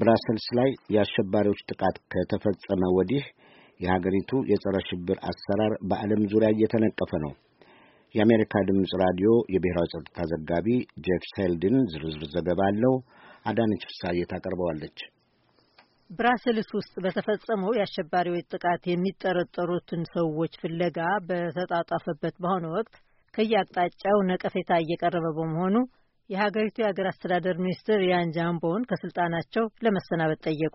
ብራሰልስ ላይ የአሸባሪዎች ጥቃት ከተፈጸመ ወዲህ የሀገሪቱ የጸረ ሽብር አሰራር በዓለም ዙሪያ እየተነቀፈ ነው። የአሜሪካ ድምፅ ራዲዮ የብሔራዊ ጸጥታ ዘጋቢ ጄፍ ሴልድን ዝርዝር ዘገባ አለው። አዳነች ፍሳዬ ታቀርበዋለች። ብራሰልስ ውስጥ በተፈጸመው የአሸባሪዎች ጥቃት የሚጠረጠሩትን ሰዎች ፍለጋ በተጣጣፈበት በአሁኑ ወቅት ከየአቅጣጫው ነቀፌታ እየቀረበ በመሆኑ የሀገሪቱ የሀገር አስተዳደር ሚኒስትር ያን ጃምቦን ከስልጣናቸው ለመሰናበት ጠየቁ።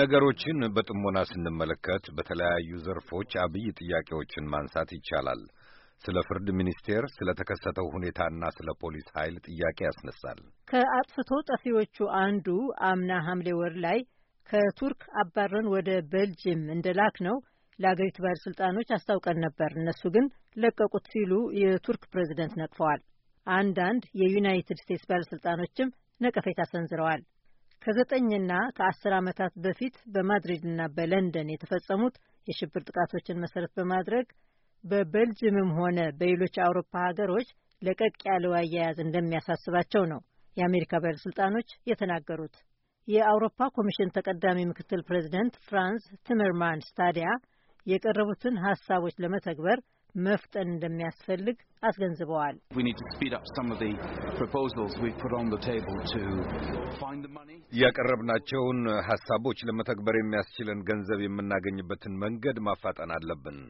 ነገሮችን በጥሞና ስንመለከት በተለያዩ ዘርፎች አብይ ጥያቄዎችን ማንሳት ይቻላል። ስለ ፍርድ ሚኒስቴር፣ ስለ ተከሰተው ሁኔታና ስለ ፖሊስ ኃይል ጥያቄ ያስነሳል። ከአጥፍቶ ጠፊዎቹ አንዱ አምና ሐምሌ ወር ላይ ከቱርክ አባረን ወደ ቤልጅየም እንደላክ ነው ለአገሪቱ ባለሥልጣኖች አስታውቀን ነበር፣ እነሱ ግን ለቀቁት ሲሉ የቱርክ ፕሬዚደንት ነቅፈዋል። አንዳንድ የዩናይትድ ስቴትስ ባለሥልጣኖችም ነቀፌታ ሰንዝረዋል። ከዘጠኝና ከአስር ዓመታት በፊት በማድሪድና በለንደን የተፈጸሙት የሽብር ጥቃቶችን መሰረት በማድረግ በቤልጅየምም ሆነ በሌሎች የአውሮፓ ሀገሮች ለቀቅ ያለው አያያዝ እንደሚያሳስባቸው ነው የአሜሪካ ባለሥልጣኖች የተናገሩት። የአውሮፓ ኮሚሽን ተቀዳሚ ምክትል ፕሬዚደንት ፍራንስ ቲመርማንስ ታዲያ የቀረቡትን ሀሳቦች ለመተግበር መፍጠን እንደሚያስፈልግ አስገንዝበዋል። ያቀረብናቸውን ሀሳቦች ለመተግበር የሚያስችለን ገንዘብ የምናገኝበትን መንገድ ማፋጠን አለብን።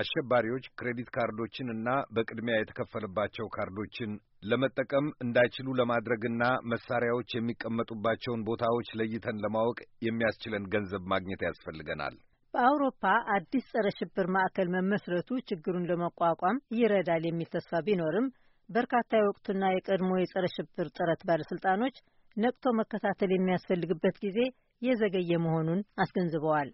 አሸባሪዎች ክሬዲት ካርዶችን እና በቅድሚያ የተከፈለባቸው ካርዶችን ለመጠቀም እንዳይችሉ ለማድረግና መሳሪያዎች የሚቀመጡባቸውን ቦታዎች ለይተን ለማወቅ የሚያስችለን ገንዘብ ማግኘት ያስፈልገናል። በአውሮፓ አዲስ ጸረ ሽብር ማዕከል መመስረቱ ችግሩን ለመቋቋም ይረዳል የሚል ተስፋ ቢኖርም በርካታ የወቅቱና የቀድሞ የጸረ ሽብር ጥረት ባለስልጣኖች ነቅቶ መከታተል የሚያስፈልግበት ጊዜ የዘገየ መሆኑን አስገንዝበዋል።